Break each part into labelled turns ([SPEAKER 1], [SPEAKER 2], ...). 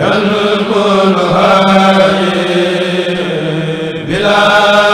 [SPEAKER 1] ينقلها
[SPEAKER 2] بلا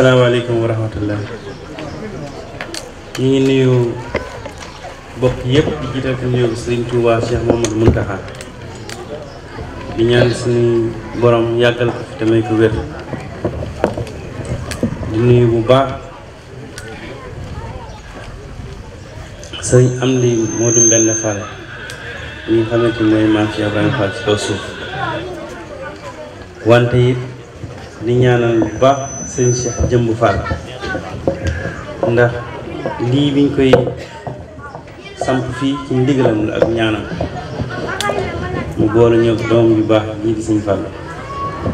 [SPEAKER 2] asalaamaaleykum wa rahmatullah ñu ngi nuyu bokk yëpp di jiital fi nuyu Sëriñ Tuubaa Cheikh Mamadou Muntaxa di ñaan suñu borom yàggal ko fi tamay ko wér di nuyu bu baax sëriñ Amdi Modou Mbène Fall ñi nga xamante ni mooy maam Cheikh Ibrahima Fall ci kaw suuf wante it di ñaanal bu baax sëñ Cheikh Jëmb Fall ndax lii biñ koy samp fii ci ndigalam la ak ñaanam mu boole ñëw doom yu baax ñii di sëñ Fall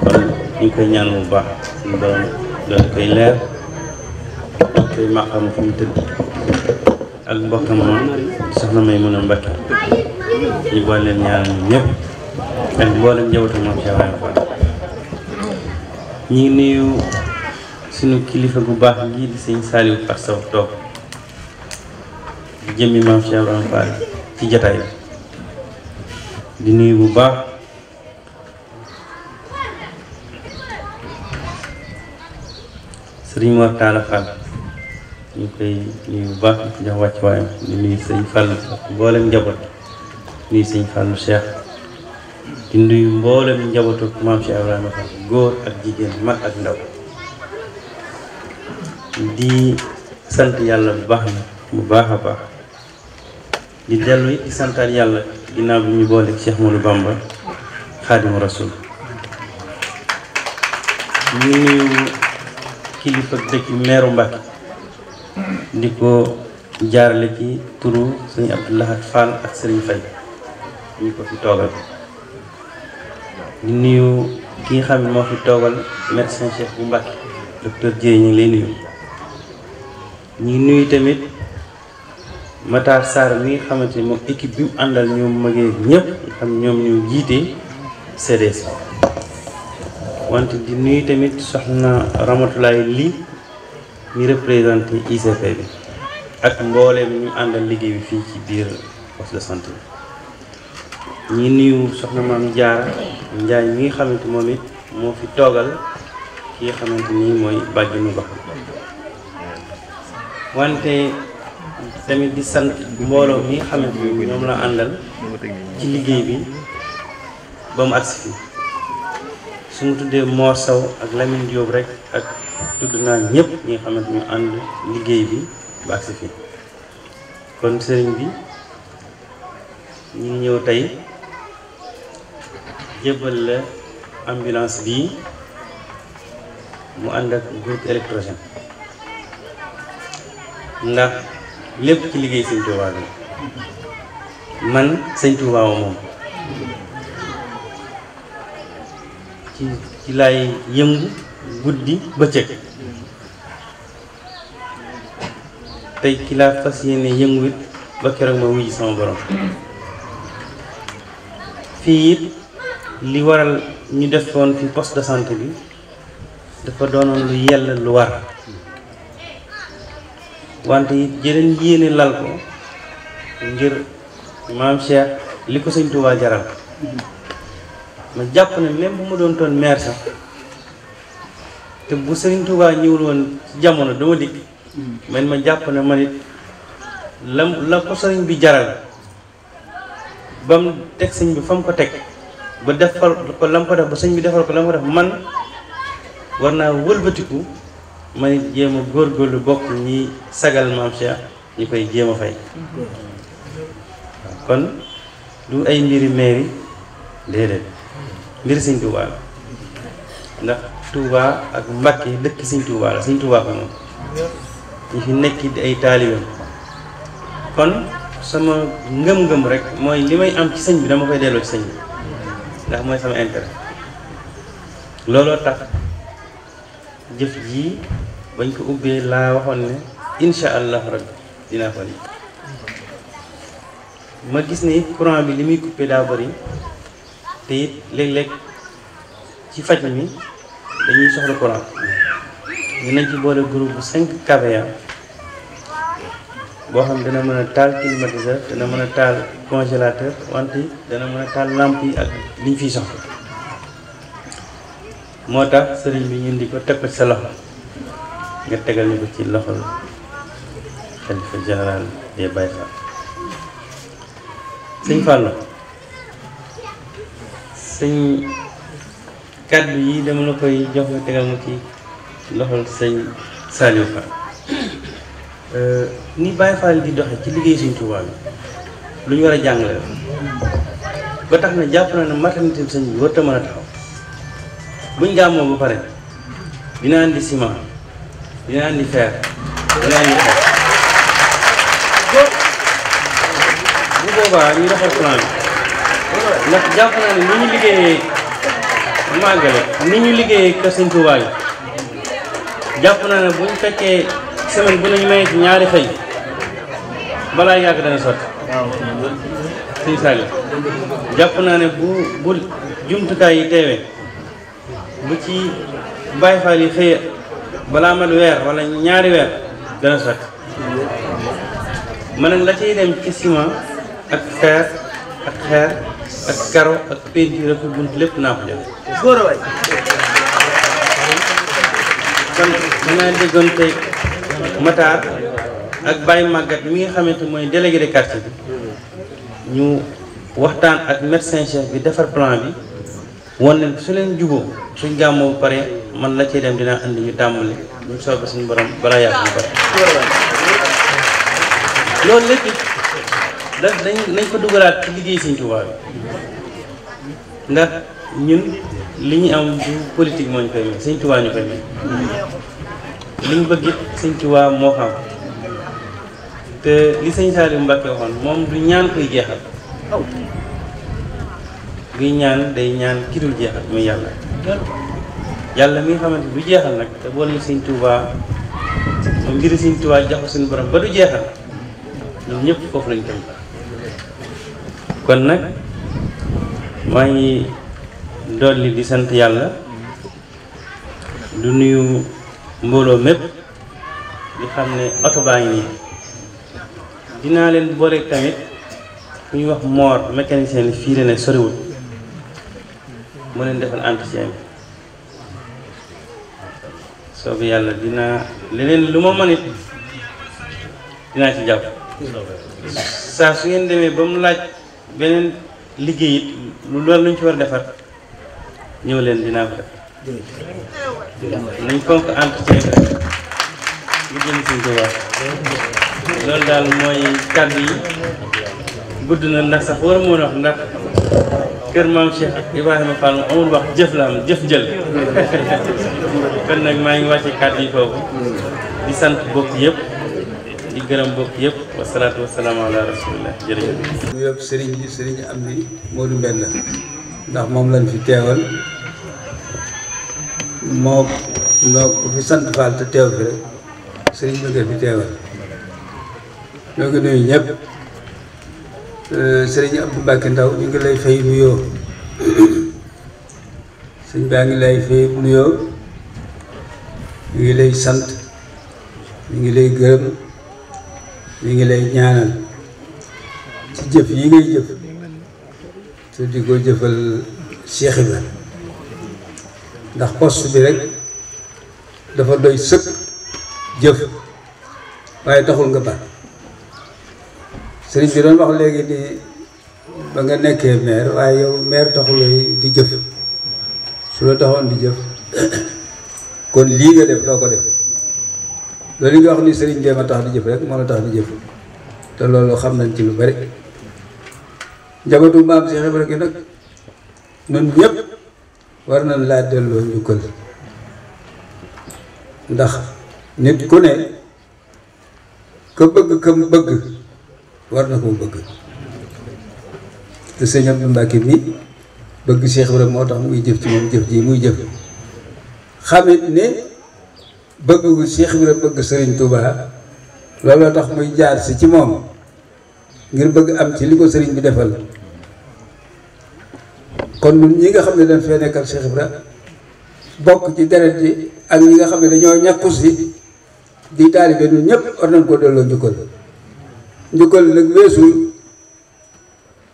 [SPEAKER 2] kon ñu koy ñaanal bu baax suñu borom doon koy leer doon koy màqam fu mu tëdd ak mbokkam ñu boole leen ñaanal ñun ñëpp ñu nuyu suñu kilifa bu baax gii di sëñ Saliou Fatou Sow toog di jëmmi maam Cheikh Ibrahima Fall ci jataay bi di nuyu bu baax sëriñ Mor Talla Fall ñu koy nuyu bu baax di ko jox wàcc waayam di nuyu sëñ Fallou mboolem njaboot nuyu sëñ Fallou Cheikh di mboole mboolem njabootu maam Cheikh Ibrahima Fall góor ak jigéen mag ak ndaw di sant yàlla bu baax na bu baax a baax di dellu it di santaat yàlla ginnaaw bi ñu boole Cheikh Modou Bamba Xaadimu Rasuul ñu nuyu kilifa dëkk meeru Mbàkke di ko jaarale ci turu sëñ Abdou Lahad Fall ak sëriñ Fay ñu ko fi toogal di nuyu ki nga xam ne moo fi toogal médecin chef bu Mbàkke docteur Dieye ñu ngi lay nuyu nuyu tamit Matar Sarr mi nga xamante ni moom équipe bi mu àndal ñoom magee ñëpp nga xam ñoom ñoo jiite CDS wante di nuyu tamit soxna Ramatulaay Li mi représenté ICP bi ak mbooleem ñu àndal liggéey bi fii ci biir poste de santé ñi nuyu soxna maam Jaara Njaay mi nga xamante moom it moo fi toogal ki nga xamante ni mooy bàjjenu ba wante tamit di sant mbooloo mi nga xamante ni ñoom la àndal ci liggéey bi ba mu agsi fii su mu tuddee Mor Sow ak Lamine Diop rek ak tudd naa ñëpp ñi nga xamante ñu ànd liggéey bi ba agsi fii kon sëriñ bi ñu ñëw tey jébbal la ambulance bi mu ànd ak groupe électrogène ndax lépp ci liggéey sëñ Tuubaa man sëñ Tuubaa moom ci ci laay yëngu guddi bëccëg tey ci laa fas yéene yëngu it ba keroog ma wuyu sama borom fii it li waral ñu defoon fi poste de santé bi dafa doonoon lu yell lu war wante it jëleen yéene lal ko ngir maam Cheikh li ko sëñ Touba jaral ma jàpp ne même bu ma doon toon maire sax te bu sëñ Touba ñëwul woon jamono dama dikk man ma jàpp na man it la la ko sëriñ bi jaral ba teg sëñ bi fa mu ko teg ba defal ko lam ko def ba sëñ bi defal ko lam ko def man war naa wëlbatiku may jéem a lu bokk ñi sagal maam Cheikh ñi koy jéem a fay kon du ay mbiri mairie déedéet mbiri sëñ Touba la ndax Touba ak Mbàkke dëkk sëñ Touba la sëñ ko moom ñi fi nekk di ay taalibeem kon sama ngëm-ngëm rek mooy li may am ci sëñ bi dama koy delloo ci sëñ bi ndax mooy sama intérêt looloo tax jëf jii bañ ko ubbee laa waxoon ne insha allah rabbi dinaa ko lii ma gis ne it courant bi li muy coupé daa bëri te it léeg-léeg ci faj mi dañuy soxla courant ñu nañ ci boole groupe bu 5 boo xam dana mën a taal climatiseur dana mën a taal congélateur wante dana mën a taal lamp ak li ñu fiy soxla moo tax sëriñ bi ñu indi ko teg ko ci sa loxo nga tegal ñu ko ci loxo la xalifa général sëñ Fallou sëñ yi dama la koy jox nga tegal ma ci loxol sëñ Saliou Fall Euh, ni Baye Fall di doxe ci liggéey Sëñ Tuubaa lu ñu war a jàngale la ba tax na jàpp na ne maternité sëñ bi warut a mën a taxaw buñ gàmmoo ba pare dina andi ciment dina andi fer dina andi fer bu boobaa ñu defar plan jàpp naa ne ni ñu liggéeyee màggale ni ñu liggéeyee kër Sëñ Tuubaa jàpp naa ne buñ fekkee semaine bu nañ mayee ci ñaari xëy balaa yàgg dana sotti siñ jàpp naa ne bu bu jumtukaay yi teewee bu ci Baay Faal yi xëye balaa mat weer wala ñaari weer dana sotti ma ne la ciy dem ci ciment ak fer ak xeer ak karo ak peinture ak bunt lépp naa ko jox góor a déggoon tey Matar ak Baye màggat mi nga xamante mooy délégué de quartier bi ñu waxtaan ak médecin chef bi defar plan bi wan leen su leen juboo suñ gàmmoo bu pare man la cee dem dinaa indi ñu tàmbali ñu soobee suñu borom balaa yàgg ñu pare loolu lépp da dañ nañ ko dugalaat ci liggéey Sëñ Tuubaa bi ndax ñun li ñu am du politique moo ñu koy may Sëñ Tuubaa ñu koy may liñ bëgg it sëñ Tuubaa moo xam te li sëñ Saaliu Mbàkke waxoon moom du ñaan koy jeexal buy ñaan day ñaan ki dul jeexal muy yàlla yàlla mi nga xamante du jeexal nag te boole ñu sëñ Tuubaa moom ngir jox ko suñu borom ba du jeexal ñoom ñëpp foofu lañ kon nag maa ngi dolli di sant yàlla du nuyu mbooloo mépp di xam ne oto baa ngi nii dinaa leen boole tamit ku wax moor mécanicien fii la ne soriwul mu leen defal entretien bi soobu yàlla dinaa leneen lu ma mën dinaa ci jàpp saa su ngeen demee ba mu laaj beneen liggéey lu loolu lu ci war a defar ñëw leen dinaa ko def nañ fonk entretien bi rek ñu jëm suñ ko wax loolu daal mooy kàddu yi gudd na ndax sax war moo wax ndax kër maam Cheikh Ibrahima Fall amul wax jëf la am jëf jël kon nag maa ngi wàcce kàddu yi foofu di sant bokk yëpp di gërëm bokk yëpp wasalaatu wasalaamu ala rasulillah jërëjëf
[SPEAKER 3] yëpp sëriñ bi sëriñ am ni Modou Mbène ndax moom lañ fi teewal moo moo ko fi sant Fall te teew fi rek sëriñ bi nga fi teewal ñoo ngi nuyu ñëpp euh, sëriñ Abdou Mbacke Ndaw ñu ngi lay fay nuyoo sëñ baa ngi lay fay nuyoo ñu ngi lay sant ñu ngi lay gërëm ñu ngi lay ñaanal ci jëf yi ngay jëf te di ko jëfal Cheikh Ibrahima ndax post bi rek dafa doy sëkk jëf waaye taxul nga baax sëriñ bi doon wax léegi ni ba nga nekkee maire waaye yow maire taxul di jëf su la taxoon di jëf kon lii nga def doo ko def loolu nga wax ni sëriñ Dema tax di jëf rek moo la tax di jëf te loolu xam nañ ci lu bari njabootu maam si xebre gi nag ñun ñëpp war na laa delloo njukkal ndax nit ku ne ka bëgg ka bëgg war na koo bëgg te sëñ Abdou Mbacke mi bëgg Cheikh Ibrahima moo tax muy jëf ci moom jëf jii muy jëf xamit ne bëggu Cheikh Ibrahima bëgg Serigne Touba looloo tax muy jaar si ci moom ngir bëgg am ci li ko Serigne bi defal. kon ñun ñi nga xam ne dañ fee nekkal Cheikh Ibra bokk ci deret ji ak ñi nga xam ne dañoo ñàkku si di taalibe ñun ñëpp war nañ ko delloo njukkal njukkal nag weesul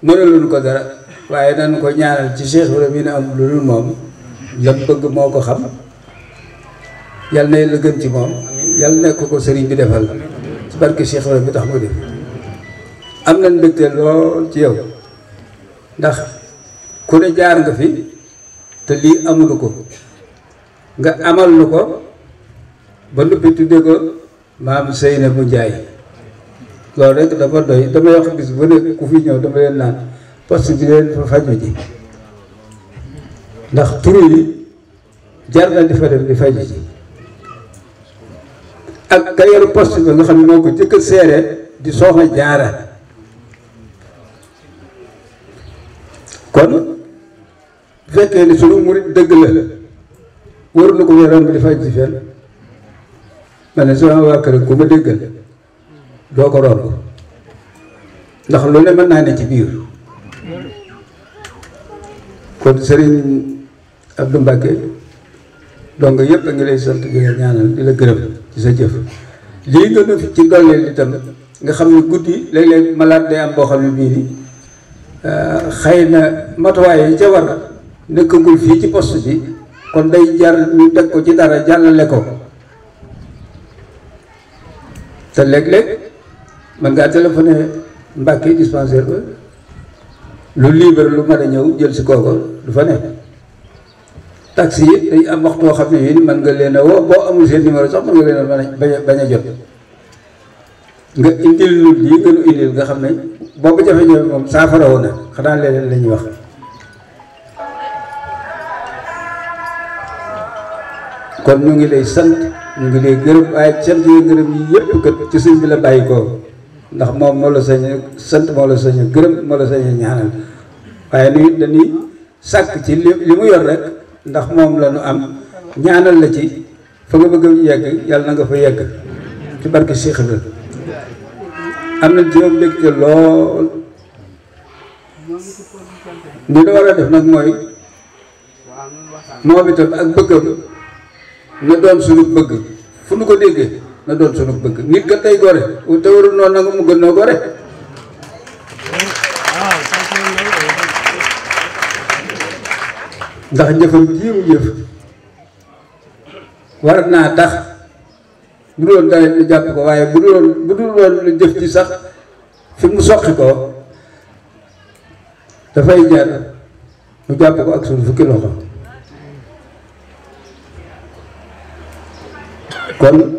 [SPEAKER 3] mënaluñ ko dara waaye nañ ko ñaanal ci Cheikh Ibra mi ne am lu dul moom la bëgg moo ko xam yal na la gën ci moom yal nekk ko sëriñ bi defal ci barke Cheikh Ibra bi tax mu def am nañ mbégte lool ci yow ndax ku jaar nga fi te lii amulu ko nga amal nu ko ba noppi tudde ko maam Seynabou Ndiaye loolu rek dafa doy damay wax bis bu ne ku fi ñëw dama leen naan parce que leen fa faju ji ndax tur yi jar na di fa def di faju ji ak ka yor poste bi nga xam ne moo ko jëkk seere di soxna jaara kon fekkee ni sunu dëgg la waru na ko ñu romb di faj ci fenn ma ku ma déggal doo ko romb ndax lu ne mën naa ne ci biir kon sëriñ Abdou Mbacke donc yëpp a ngi lay sant di la ñaanal di la gërëm ci sa jëf lii nga nu ci dolleel itam nga xam ne guddi léeg-léeg malaat day am boo xam ne bii nii euh, na matuwaay yi ca war nekkagul fii ci poste bi kon day jar ñu teg ko ci dara jàllale ko te léeg-léeg man ngaa téléphoné Mbàkke dispensaire ba lu libre lu mën a ñëw jël si kooku lu fa nekk si yi day am waxtoo xam ne yéen mën nga leen a boo amul seen numéro sax mën nga leen a bañ bañ a jot nga indil lu lii nga nu indil nga xam ne boobu jafe-jafe moom saafara woon na xanaa leneen la ñuy wax. kon ñu ngi lay sant ñu ngi lay gërëm waaye sant yi gërëm yi yëpp kat ci sëñ bi la bàyyi ko ndax moom moo la sañ sant moo gërëm moo la sañ ñaanal waaye nu it dañuy sàkk ci li li mu yor rek ndax moom la ñu am ñaanal la ci fa nga bëgg yegg yàlla na nga fa yegg ci barke Cheikh na am nañ ci yow mbégte lool li la war a nag mooy moom itam ak bëggam na doon suñu bëgg fu nu ko déggee na doon suñu bëgg nit kat day gore te noonu nanga mu gën noo gore ndax jëfam jiimu jëf war naa tax bu dul woon jàpp ko waaye bu dul bu dul woon jëf ci sax fi mu soqi ko dafay jar mu jàpp ko ak suñu fukki loxo kon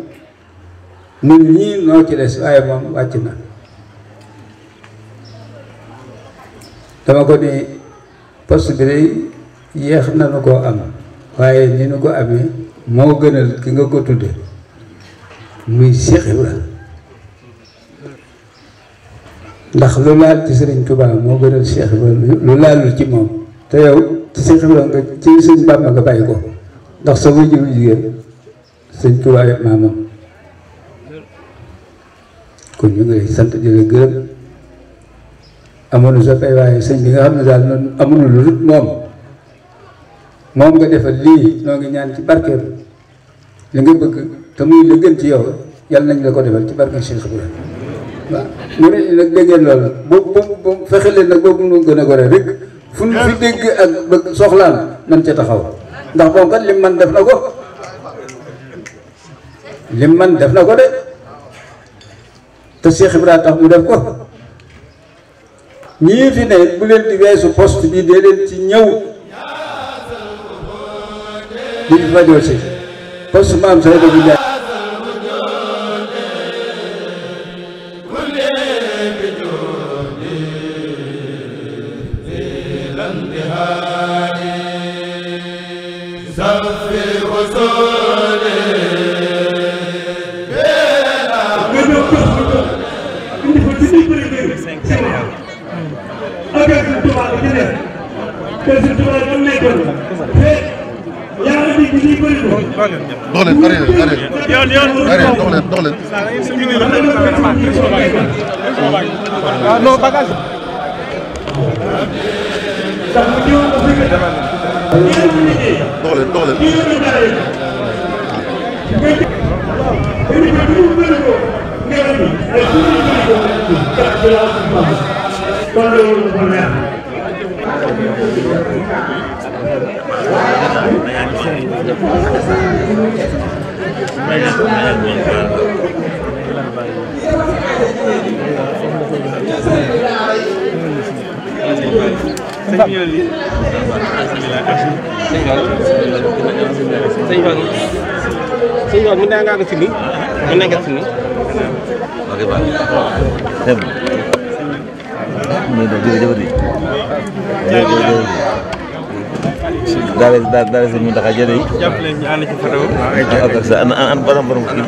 [SPEAKER 3] ñun ñii noo ci des waaye moom wàcc na dama ko ni poste bi day yéex na nu koo am waaye ni nu ko amee moo gënal ki nga ko tudde muy Seex Ibra ndax lu laal ci Sëriñ Tuubaa moo gënal Seex Ibra lu ci moom te yow ci Seex Ibra nga ci Sëriñ Bàmba nga bàyyi ko ndax sa wujju jigéen sëñ Tuubaa yëpp maa moom kon ñu ngi lay sant di la gërëm amoon waaye sëñ bi nga xam ne daal noonu amuñu lu dul moom moom nga defal lii noo ngi ñaan ci barkeem li nga bëgg te muy la gën ci yow yàlla nañ la ko defal ci barkeem Cheikh Ibrahima waaw mu ne nag déggeen loolu boobu boobu fexe leen nag boobu nu gën a gore rek fu ñu fi dégg ak bëgg soxlaan nañ ca taxaw ndax moom kat lim man def na ko lim man def na ko de te Cheikh Ibra tax mu def ko ñii fi ne bu leen di weesu poste bi dee leen ci ñëw di di fajoo si poste maam say da bu
[SPEAKER 2] kër si sëñ bi mën naa ngaa ko fini mën naa ngaa ko fini
[SPEAKER 4] muy doon jërëjëf di jërëjëf jërëjëf daal di daal an an borom borom kii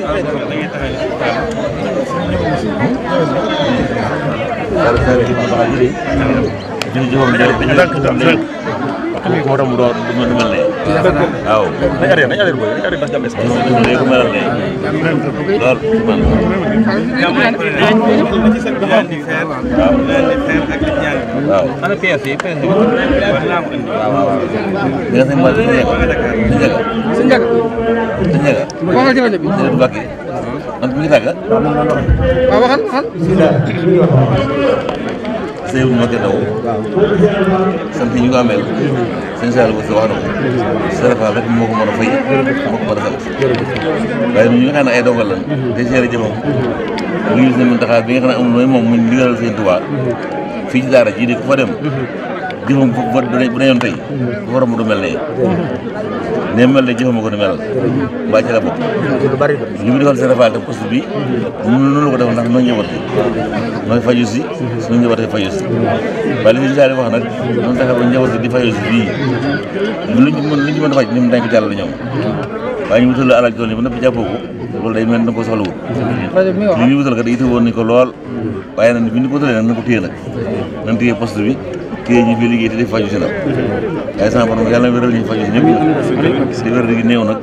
[SPEAKER 4] waaw. nañ arrêté nañ arrêté booy nañ arrêté parce que am espace. léegi mu melal léegi lool man. waaw. ana pièces yi pièces yi. waaw waaw. di nga sëñ Ba di nga ñàkk. di nga ñàkk. sëñ bi ma gëddaw sant ñu ko ameel sëñ Sall bu si wax na ko sarafal rek moo ko mën a moo ko mën a sant waaye ñu nga xam ne ay dogal lan te seere jëmam bu bi nga xam ne amul mooy moom mu ndigalal sëñ Tuubaa fii ci daara ji ko fa jëfam bu reyoon tey waroon du mel ne ne mel ne jëfam ko du mel mbaa ci la bokk li mu defal Serapal tam poste bi noonu la ko defal ndax noonu ñëwaat nooy fayu si suñu ñëwaatee fayu si waaye li ñu daal di wax nag noonu taxaw ba ñëwaat di fayu si fii lu ñu a faj ñoom dañ ko jàllale ñoom waaye ñu wutal la alal joon yi ba noppi jàppoo ko loolu day mel ni ko soxla wut li ñuy wutal kat yitte woon nañ ko lool waaye nag bi ñu ko wutalee nag na ko téye nag nañ téye poste bi téye ñu fi liggéey te di faju si la yaay sama borom yàlla wéral ñu faju si ñëpp di wér gi néew nag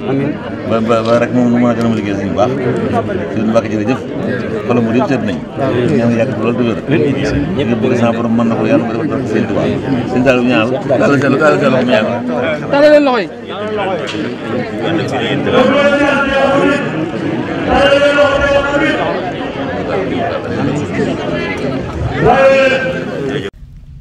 [SPEAKER 4] ba ba ba rek moom nu mën a gën a liggéey suñu baax suñu mbàkk jërëjëf xolam mu yëpp seet nañ ñaan nga yàgg loolu te wér nga bëgg sama borom mën na ko yàlla ko defal barke sëñ Tuubaa sëñ Saliou ñaanal tàllal seen tàllal seen loxo mu yàgg tàllal leen loxo yi tàllal leen loxo yi